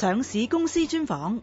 上市公司專訪。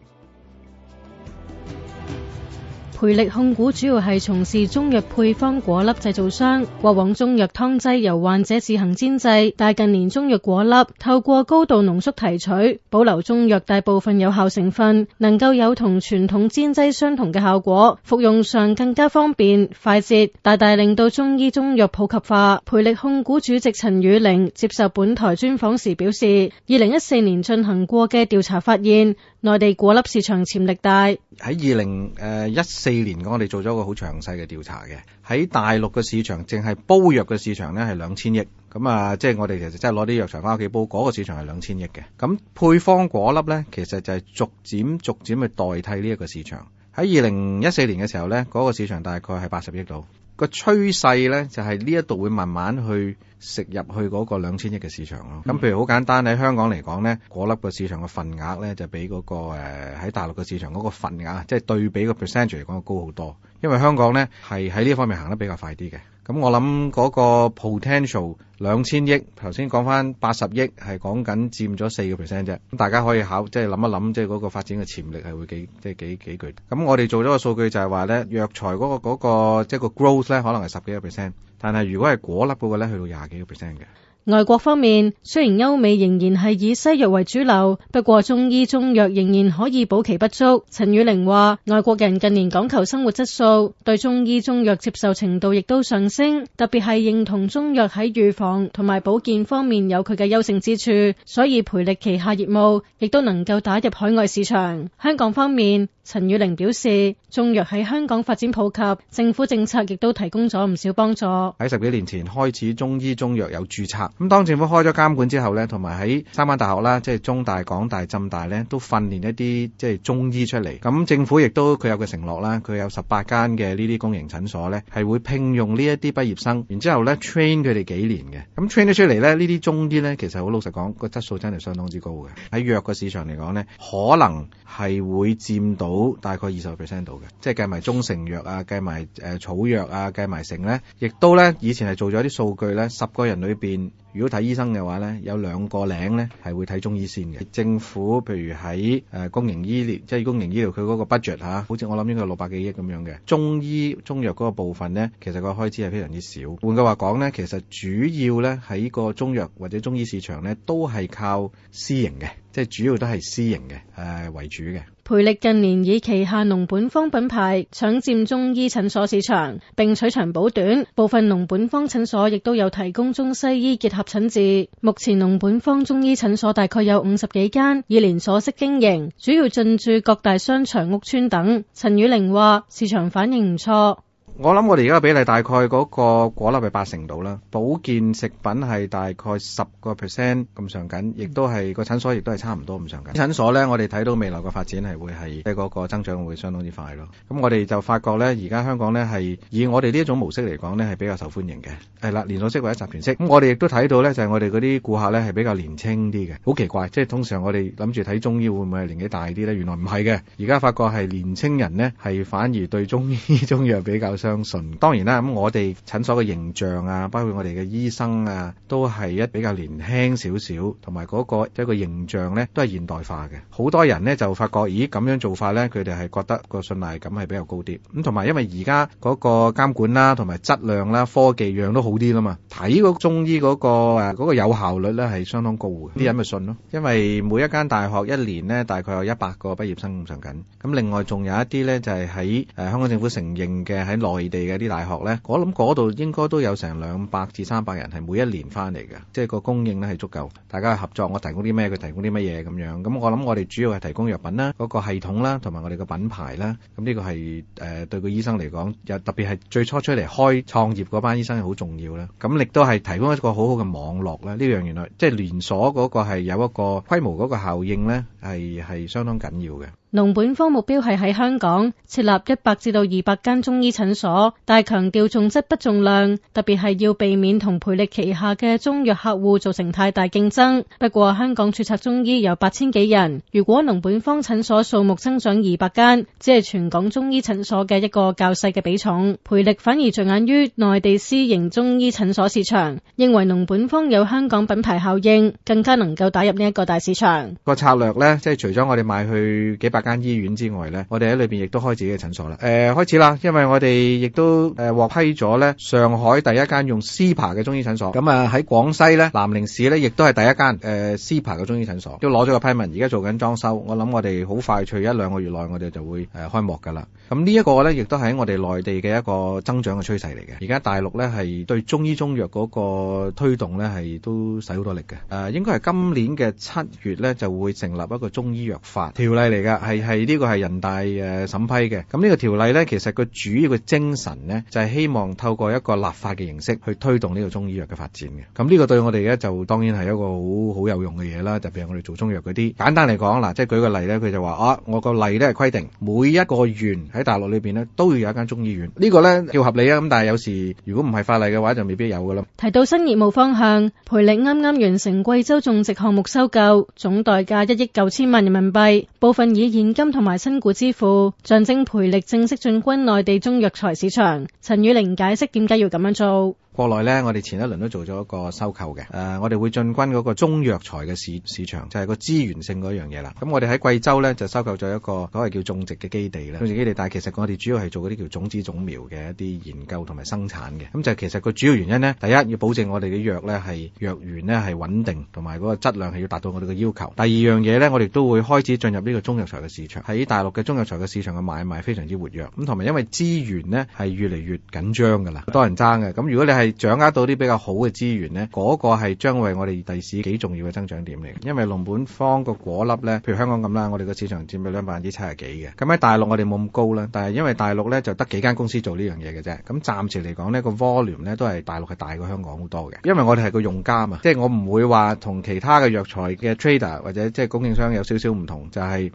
培力控股主要係從事中藥配方顆粒製造商。過往中藥湯劑由患者自行煎製，但近年中藥顆粒透過高度濃縮提取，保留中藥大部分有效成分，能夠有同傳統煎劑相同嘅效果，服用上更加方便快捷，大大令到中醫中藥普及化。培力控股主席陳宇齡接受本台專訪時表示，二零一四年進行過嘅調查發現，內地顆粒市場潛力大。喺二零誒一四年嘅，我哋做咗一個好詳細嘅調查嘅，喺大陸嘅市場，淨係煲藥嘅市場咧，係兩千億，咁啊，即係我哋其實真係攞啲藥材返屋企煲嗰、那個市場係兩千億嘅，咁配方顆粒咧，其實就係逐漸逐漸去代替呢一個市場。喺二零一四年嘅時候咧，嗰、那個市場大概係八十億度。個趨勢咧就係呢一度會慢慢去食入去嗰個兩千億嘅市場咯。咁譬如好簡單喺香港嚟講咧，果粒個市場嘅份額咧就比嗰個喺大陸嘅市場嗰個份額，即係對比個 percentage 嚟講，高好多。因為香港咧係喺呢方面行得比較快啲嘅。咁我諗嗰個 potential 兩千億，頭先講翻八十億，係講緊佔咗四個 percent 啫。咁大家可以考即係諗一諗，即係嗰個發展嘅潛力係會幾即係幾幾巨。咁我哋做咗個數據就係話咧，藥材嗰個嗰個即係個 growth 咧，可能係十幾個 percent，但係如果係顆粒嗰個咧，去到廿幾個 percent 嘅。外國方面雖然歐美仍然係以西藥為主流，不過中醫中藥仍然可以補其不足。陳宇齡話：外國人近年講求生活質素，對中醫中藥接受程度亦都上升，特別係認同中藥喺預防同埋保健方面有佢嘅優勝之處，所以培力旗下業務亦都能夠打入海外市場。香港方面，陳宇齡表示，中藥喺香港發展普及，政府政策亦都提供咗唔少幫助。喺十幾年前開始，中醫中藥有注冊。咁當政府開咗監管之後咧，同埋喺三間大學啦，即係中大、港大、浸大咧，都訓練一啲即係中醫出嚟。咁政府亦都佢有個承諾啦，佢有十八間嘅呢啲公營診所咧，係會聘用呢一啲畢業生，然之後咧 train 佢哋幾年嘅。咁 train 咗出嚟咧，呢啲中醫咧，其實好老實講，個質素真係相當之高嘅。喺藥嘅市場嚟講咧，可能係會佔到大概二十 percent 度嘅，即係計埋中成藥啊，計埋誒草藥啊，計埋成咧，亦都咧以前係做咗啲數據咧，十個人裏邊。如果睇醫生嘅話咧，有兩個領咧係會睇中醫先嘅。政府譬如喺公，公營醫療，即係公營醫療佢嗰個 budget 好似我諗應該有六百幾億咁樣嘅。中醫中藥嗰個部分咧，其實個開支係非常之少。換句話講咧，其實主要咧喺個中藥或者中醫市場咧，都係靠私營嘅，即係主要都係私營嘅誒、呃、為主嘅。培力近年以旗下農本方品牌搶佔中醫診所市場，並取長補短，部分農本方診所亦都有提供中西醫結合診治。目前農本方中醫診所大概有五十幾間，以連鎖式經營，主要進駐各大商場、屋邨等。陳宇齡話：市場反應唔錯。我諗我哋而家嘅比例大概嗰個顆粒係八成度啦，保健食品係大概十個 percent 咁上緊，亦都係個診所亦都係差唔多咁上緊。診所咧，我哋睇到未來個發展係會係即係嗰個增長會相當之快咯。咁我哋就發覺咧，而家香港咧係以我哋呢一種模式嚟講咧係比較受歡迎嘅。係啦，連鎖式或者集團式。咁我哋亦都睇到咧，就係我哋嗰啲顧客咧係比較年輕啲嘅，好奇怪。即係通常我哋諗住睇中醫會唔會係年紀大啲咧？原來唔係嘅，而家發覺係年輕人咧係反而對中醫中藥比較。相信，當然啦，咁我哋診所嘅形象啊，包括我哋嘅醫生啊，都係一比較年輕少少，同埋嗰個一個形象呢，都係現代化嘅。好多人呢，就發覺，咦咁樣做法呢，佢哋係覺得個信賴感係比較高啲。咁同埋因為而家嗰個監管啦、啊，同埋質量啦、啊，科技樣都好啲啦嘛，睇個中醫嗰、嗰個嗰、嗰個、有效率呢，係相當高嘅，啲人咪信咯。因為每一間大學一年呢，大概有一百個畢業生咁上緊，咁另外仲有一啲呢，就係喺誒香港政府承認嘅喺內地嘅啲大學呢，我諗嗰度應該都有成兩百至三百人係每一年翻嚟嘅，即係個供應呢係足夠。大家合作，我提供啲咩，佢提供啲乜嘢咁樣。咁我諗我哋主要係提供藥品啦，嗰個系統啦，同埋我哋個品牌啦。咁呢個係誒對個醫生嚟講，又特別係最初出嚟開創業嗰班醫生好重要啦。咁亦都係提供一個好好嘅網絡啦。呢樣原來即係連鎖嗰個係有一個規模嗰個效應呢係係相當緊要嘅。農本方目標係喺香港設立一百至到二百間中醫診所，但係強調重質不重量，特別係要避免同培力旗下嘅中藥客戶造成太大競爭。不過香港注冊中醫有八千幾人，如果農本方診所數目增長二百間，只係全港中醫診所嘅一個較細嘅比重。培力反而着眼於內地私營中醫診所市場，認為農本方有香港品牌效應，更加能夠打入呢一個大市場。那個策略呢，即係除咗我哋賣去幾百間醫院之外呢，我哋喺裏邊亦都開自己嘅診所啦、呃，開始啦，因為我哋亦都誒獲批咗呢上海第一間用私牌嘅中醫診所。咁啊喺廣西呢，南寧市呢，亦都係第一間誒私牌嘅中醫診所，都攞咗個批文。而家做緊裝修，我諗我哋好快，除一兩個月內，我哋就會、呃、開幕噶啦。咁呢一個呢，亦都係喺我哋內地嘅一個增長嘅趨勢嚟嘅。而家大陸呢，係對中醫中藥嗰個推動呢，係都使好多力嘅。誒、呃、應該係今年嘅七月呢，就會成立一個中醫藥法條例嚟㗎。係係呢個係人大誒審批嘅，咁呢個條例呢，其實個主要嘅精神呢，就係、是、希望透過一個立法嘅形式去推動呢個中醫藥嘅發展嘅。咁呢個對我哋呢，就當然係一個好好有用嘅嘢啦。特別係我哋做中藥嗰啲，簡單嚟講嗱、呃，即係舉個例呢，佢就話啊，我個例都係規定每一個縣喺大陸裏邊都要有一間中醫院，呢、這個呢，要合理啊。咁但係有時如果唔係法例嘅話，就未必有噶啦。提到新業務方向，培力啱啱完成貴州種植項目收購，總代價一億九千萬人民幣，部分以現金同埋新股支付，象徵培力正式進軍內地中藥材市場。陳宇齡解釋點解要咁樣做。國內咧，我哋前一輪都做咗一個收購嘅，誒、呃，我哋會進軍嗰個中藥材嘅市市場，就係、是、個資源性嗰樣嘢啦。咁我哋喺貴州咧就收購咗一個所謂叫種植嘅基地啦，種植基地。但係其實我哋主要係做嗰啲叫種子種苗嘅一啲研究同埋生產嘅。咁就其實個主要原因咧，第一要保證我哋嘅藥咧係藥源咧係穩定同埋嗰個質量係要達到我哋嘅要求。第二樣嘢咧，我哋都會開始進入呢個中藥材嘅市場。喺大陸嘅中藥材嘅市場嘅買賣非常之活躍。咁同埋因為資源咧係越嚟越緊張㗎啦，多人爭嘅。咁如果你係掌握到啲比較好嘅資源咧，嗰、那個係將為我哋地市幾重要嘅增長點嚟。因為農本方個顆粒咧，譬如香港咁啦，我哋個市場佔率都百分之七十幾嘅。咁喺大陸我哋冇咁高啦，但係因為大陸咧就得幾間公司做呢樣嘢嘅啫。咁暫時嚟講呢、那個 Volume 咧都係大陸係大過香港好多嘅。因為我哋係個用家啊嘛，即、就、係、是、我唔會話同其他嘅藥材嘅 Trader 或者即係供應商有少少唔同，就係、是。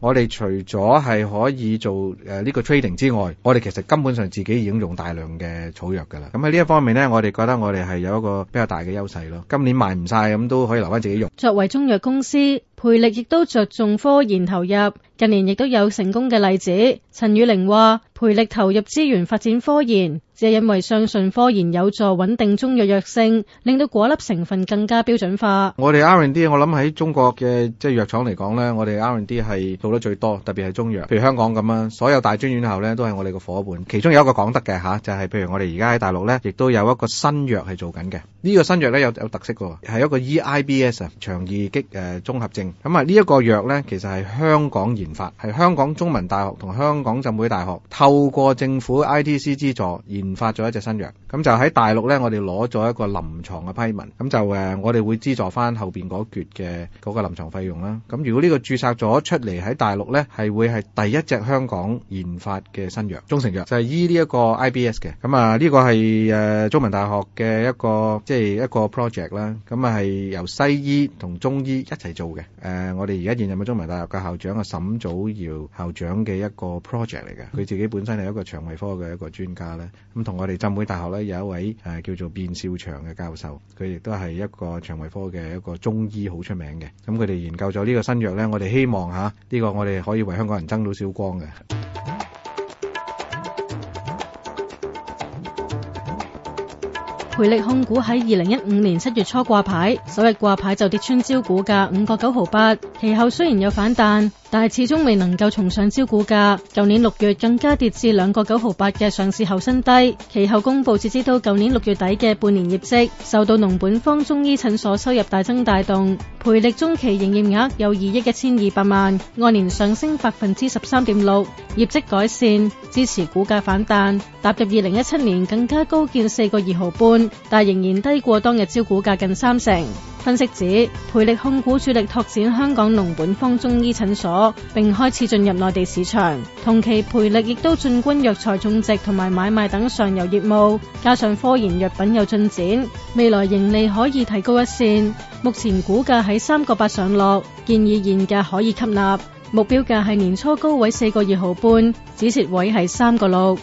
我哋除咗係可以做誒呢個 trading 之外，我哋其實根本上自己已經用大量嘅草藥噶啦。咁喺呢一方面咧，我哋覺得我哋係有一個比較大嘅優勢咯。今年賣唔晒咁都可以留翻自己用。作為中藥公司。培力亦都着重科研投入，近年亦都有成功嘅例子。陳宇齡話：培力投入資源發展科研，就係因為相信科研有助穩定中藥藥性，令到顆粒成分更加標準化。我哋 R&D 我諗喺中國嘅即係藥廠嚟講呢，我哋 R&D 係做得最多，特別係中藥。譬如香港咁啊，所有大專院校呢都係我哋嘅夥伴。其中有一個港得嘅吓，就係、是、譬如我哋而家喺大陸呢，亦都有一個新藥係做緊嘅。呢、這個新藥呢，有有特色嘅，係一個 EIBS 啊，腸易激誒綜合症。咁啊，呢一個藥呢，其實係香港研發，係香港中文大學同香港浸會大學透過政府 I T C 資助研發咗一隻新藥。咁就喺大陸呢，我哋攞咗一個臨牀嘅批文，咁就誒，我哋會資助翻後邊嗰橛嘅嗰個臨牀費用啦。咁如果呢個註冊咗出嚟，喺大陸呢，係會係第一隻香港研發嘅新藥，中成藥，就係醫呢一個 I B S 嘅。咁啊，呢個係誒中文大學嘅一個即係、就是、一個 project 啦，咁啊係由西醫同中醫一齊做嘅。誒、呃，我哋而家現任嘅中文大學嘅校長啊，沈祖堯校長嘅一個 project 嚟嘅，佢自己本身係一個腸胃科嘅一個專家咧，咁同我哋浸會大學咧有一位誒、啊、叫做卞少祥嘅教授，佢亦都係一個腸胃科嘅一個中醫好出名嘅，咁佢哋研究咗呢個新藥咧，我哋希望吓呢、啊呢個我哋可以為香港人爭到少光嘅。培力控股喺二零一五年七月初掛牌，首日掛牌就跌穿招股價五個九毫八，其後雖然有反彈。但係始終未能夠重上招股價，舊年六月更加跌至兩個九毫八嘅上市後新低。其後公布，截止到舊年六月底嘅半年業績受到農本方中醫診所收入大增帶動，培力中期營業額有二億一千二百萬，按年上升百分之十三點六，業績改善支持股價反彈，踏入二零一七年更加高見四個二毫半，但仍然低過當日招股價近三成。分析指，培力控股主力拓展香港農本方中醫診所，並開始進入內地市場。同期，培力亦都進軍藥材種植同埋買賣等上游業務，加上科研藥品有進展，未來盈利可以提高一線。目前股價喺三個八上落，建議現價可以吸納，目標價係年初高位四個二毫半，止蝕位係三個六。